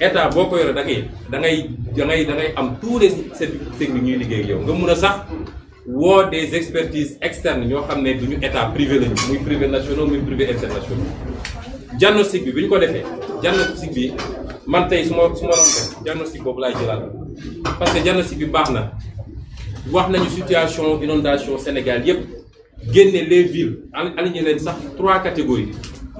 état boko ko yore da ngay da ngay da ngay da ngay am tous les services techniques ñuy liggéey ak yow nga mëna sax wo des expertises externes ñoo xamné duñu état privé lañu muy privé national muy privé international. diagnostic bi buñ ko défé diagnostic bi man tay suma suma su def diagnostic bobu laay jëlal parce que diagnostic bi baax na wax nañu situation inondation Sénégal yépp génné les villes aligné leen sax trois catégories.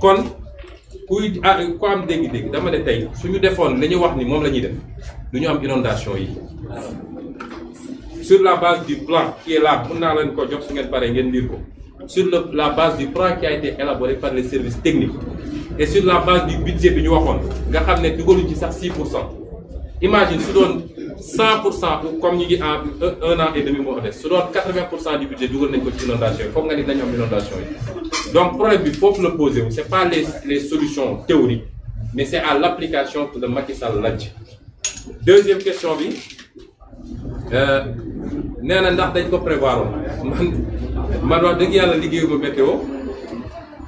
kon kuy ah, ku am dégg-dégg dama ne suñu ni inondation sur la base du plan qui est là sur la base du plan qui a été élaboré par les services techniques et sur la base du budget bi ñu waxoon nga xam ne 6 imagine su 100 ou comme il ngi a un an et demi mois, de Ce 80 du budget du gouvernement ko l'inondation. inondation yi foog nga ni dañu inondation donc problème bi foofu le poser. Ce pas les les solutions théoriques mais c'est à l'application pour que Macky Sall deuxième question bi euh, nee na ndax dañ ko prévoir woon man man wax dëgg yàlla liggéeyuma météo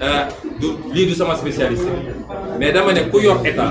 euh, du lii du sama spécialiste mais dama ne ku yor état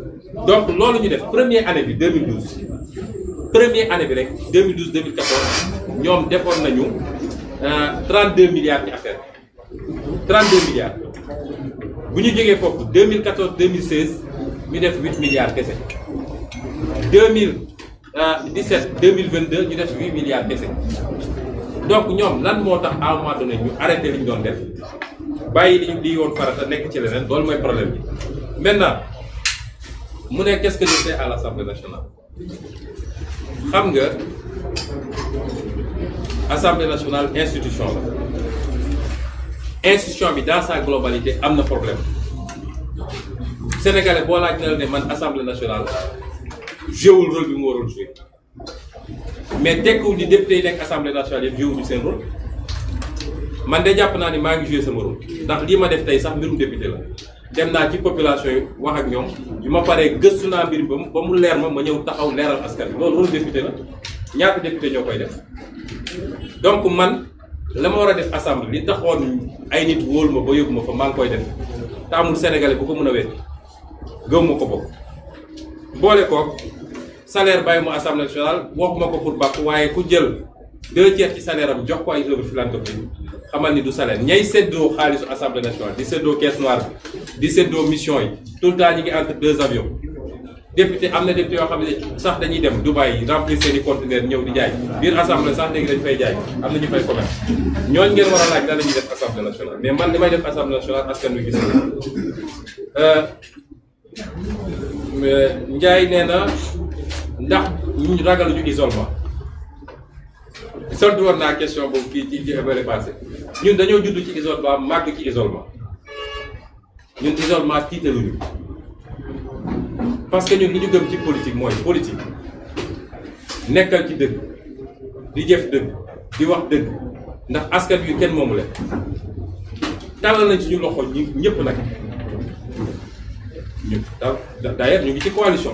donc loolu ñu def première année bi 2012 première année bi 2012 2014 nous avons nañu 32 euh, milliards d'affaires. 32 milliards vous ñu jógee 2014 2016 nous def 8 milliards kese 2017 2022 euh, ñu def 8 milliards kese donc nous avons moo tax à un donné ñu arrêté li ñu doon def bàyyi li di woon farata nekk ci problème maintenant mu ne qu'est-ce que je fais à l'Assemblée nationale xam nga Assemblée nationale institution la institution bi dans sa globalité am na problème sénégalais boo laaj na ne man Assemblée nationale jéwul rôle bi mu waroon jouer mais dès ni député yi nekk Assemblée nationale yëpp jéwuñu seen rôle man de jàpp naa ni maa ngi joué sama rôle ndax lii ma def tey sax mbirum député la dem naa ci population yi wax ak ñoom bi ma paree gëstu naa mbir ba ba mu leer ma ma ñëw taxaw leeral askan bi loolu loolu député la ñaata député ñoo koy def donc man la ma war a def assemblée li taxoon ay nit wóolu ma ba yóbbu ma fa maa koy def te amul sénégalais bu ko mën a wér gëw ko bokk boole ko salaire bàyyi ma assemblée nationale wax ma ko pour bàkk waaye ku jël deux tiers ci salaire am jox ko ay œuvre philanthropique xamal ni du salaire ñay séddoo xaalisu assemblée nationale di séddoo caisse noire bi di séddoo mission yi tout le temps ñu ngi entre deux avions député am na député yoo xam ne sax dañuy dem Dubaï remplir seen i conteneur ñëw di jaay biir assemblée sax léegi dañ fay jaay am na ñu fay commerce ñooñu ngeen war a laaj lan la ñuy def assemblée nationale mais man li may def assemblée nationale askan wi gis euh, Ndiaye nee na ndax ñu ragaluñu isolement solde woon la question est Nous, Nous ñun ci isolement Nous ci isolement parce que nous sommes ñu gëm politique nous politique nekkal ci dëgg di jëf dëgg di wax dëgg ndax nous kenn que nañ ci Nous avons nous d'ailleurs ñu ngi ci coalition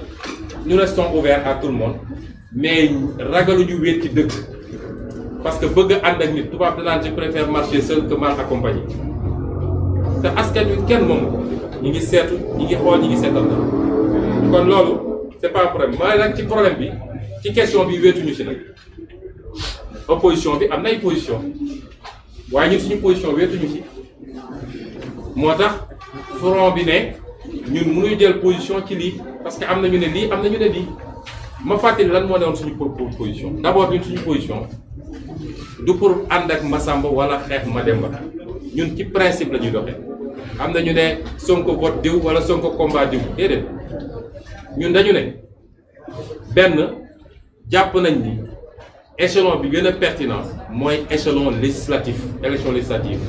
nous restons ouverts à tout le monde mais ragaluñu wéet wéti dëkk parce que bëgg and ak nit tubaab dana je préfère marcher seul que mal accompagné te askan wi kenn mom ko ñu ngi sétu ñi ngi xol ñi ngi sétal na kon lolu c'est pas problème Mais nak ci problème bi ci question bi wéetuñu ci nak. opposition bi am nay position waaye ñu suñu position wéetuñu si moo tax front bi ne ñun mënuy jël position ci lii parce que am na ñu ne lii am na ñu ne lii ma fàttali lan moo newoon suñu position d'abord ñun suñu position du pour ànd ak Massamba wala xeex Mademba ñun ci principe la ñuy doxee am na ñu ne Sonko vote diw wala Sonko combat diw déedéet ñun dañu ne benn jàpp nañ ni échelon bi gën a pertinent mooy échelon législatif élection législative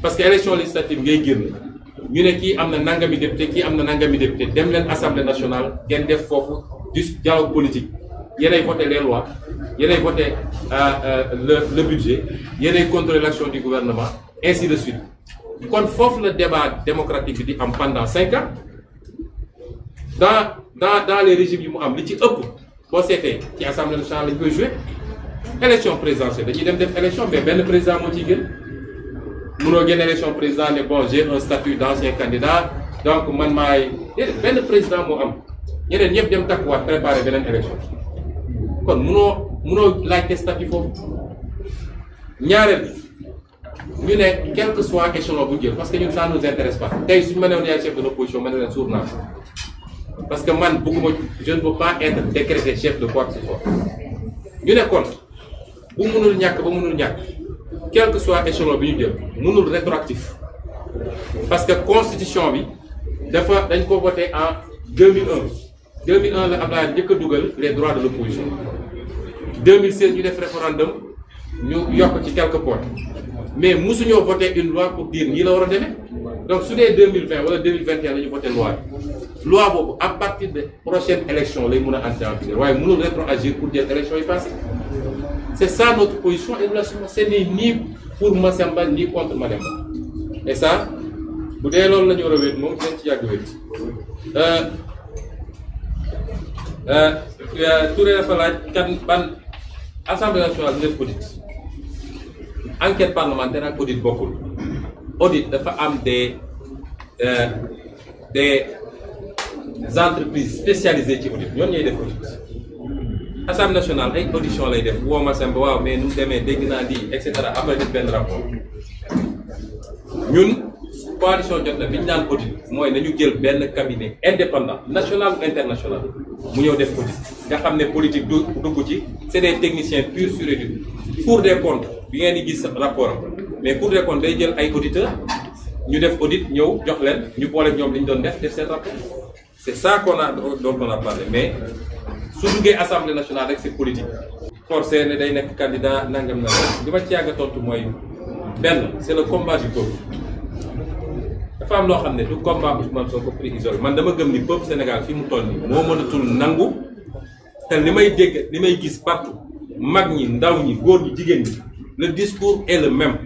parce que élection législative ngay génn ñu ne kii am na nangami député kii am na nangami député dem leen assemblée nationale ngeen def foofu du dialogue politique yéenay voté les lois yéenay voté euh, euh, le le budget yéenay contrôler l'action du gouvernement ainsi de suite kon foofu le débat démocratique bi di am pendant cinq ans dans dans dans les régimes yi mu am li ci ëpp boo seetee ci assemblée nationale lañ koy joué élection présidentielle dañuy dem def élection mais benn président moo ciy gën. Nous génn président ne bon j'ai un statut d'ancien candidat donc man maay ben président moo am ñeneen ñëpp dem takkuwaat préparer beneen élection kon munoo munoo laajte statut foofu ñaareel ñu ne quel que soit échelon bu jël parce que ñun ça nous intéresse pas tey suñu ma chef de l'opposition ma ne leen suur parce que man bëgguma je ne veux pas être décrété chef de quoi que ce soit ñu ne kon bu mënul ñàkk ba mënul quel que soit l'échelon, nous sommes nous parce que la constitution des fois, nous avons voté en 2001 2001 la Abdoulaye a les droits de l'opposition 2016 fait un référendum Nous avons ci quelques points mais nous avons voté une loi pour dire ni la war donc êtes 2020 en 2021 nous ñu voté loi loi à partir des prochaines élections, nous mun voté entrer rétroagir pour des élections est passées c'est ça notre position et nous Ce n'est ni pour Massamba ni contre moi. Et ça, vous nous avons la nous nationale de enquête parlementaire audit beaucoup. audit euh, des entreprises spécialisées qui audit nous produits assemblée nationale ay audition lay def woo ma semb waaw mais nu démé dégg na di et cetera après def ben rapport ñun coalition jot na bi ñu naan audit mooy nañu jël ben cabinet indépendant national ou international mu ñeu def audit nga xamné politique du dugg ci c'est des techniciens purs sur et durs Cour des comptes bi ngeen di gis rapport mais pour des comptes day jël ay auditeurs ñu def audit ñeu jox leen ñu boole ñom liñ doon def def seen rapport c'est ça qu'on a donc on a parlé mais su duggee assemblée nationale rek si politique forcé ne day nekk candidat nangam na li ma ci yàgg tontu mooy benn c'est le combat du dafa am loo xam ne du combat Ousmane Sonko pris isolé man dama gëm ni peuple Sénégal fi mu toll nii moo mënatul nangu te li may dégg li may gis partout mag ñi ndaw ñi góor ñi jigéen ñi le discours est même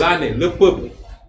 laa ne le peuple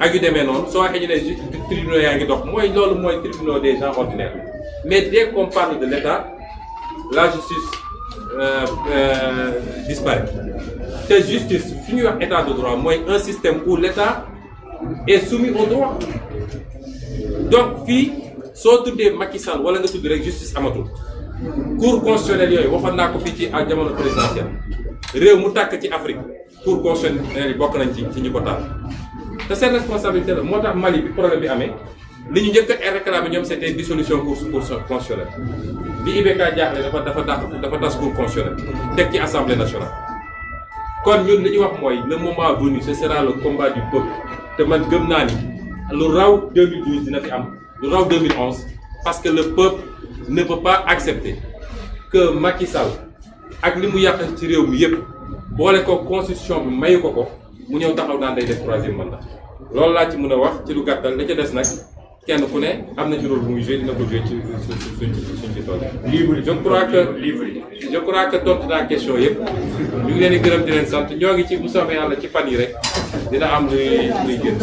ak yu non so soo tribunal ñu tribunaux dox moy lolu tribunaux des gens ordinaires mais dès qu'on parle de l'État la justice euh, euh, disparaît Cette justice finit wax état de droit moy un système où l'État est soumis au droit donc fi soo des Macky Sall wala nga de rek justice amatul cour constitutionnelle yoy waxoon naa ko fi ci ak jamono présidentielle réew mu tak ci Afrique cour constitutionnelle bok nañ ci ci ñu ko c'est une responsabilité la moo Mali bi problème bi amé. li ñu a réclamé ñoom c'était dissolution pour cour constitutionnelle li des jaaxle dafa dafa dàq dafa tas cour l'Assemblée nationale. kon nous li ñu le moment venu ce sera le combat du peuple te man gëm naa ni RAU raw 2012 dina fi raw 2011 parce que le peuple ne peut pas accepter que Macky Sall ak li mu yàq ci réew mi yépp la constitution bi mayu ko mu ñëw taxaw daan day def troisième mandat loolu laa ci mën a wax ci lu gàttal la ca des nag kenn ku ne am na ci rôle bu muy joué dina ko joué ci suñ suñ ci tool livre je crois que livre question yëpp ñu ngi leen di gërëm di leen sant ñoo ngi ci bu soobee la ci fan yi rek dina am luy luy gën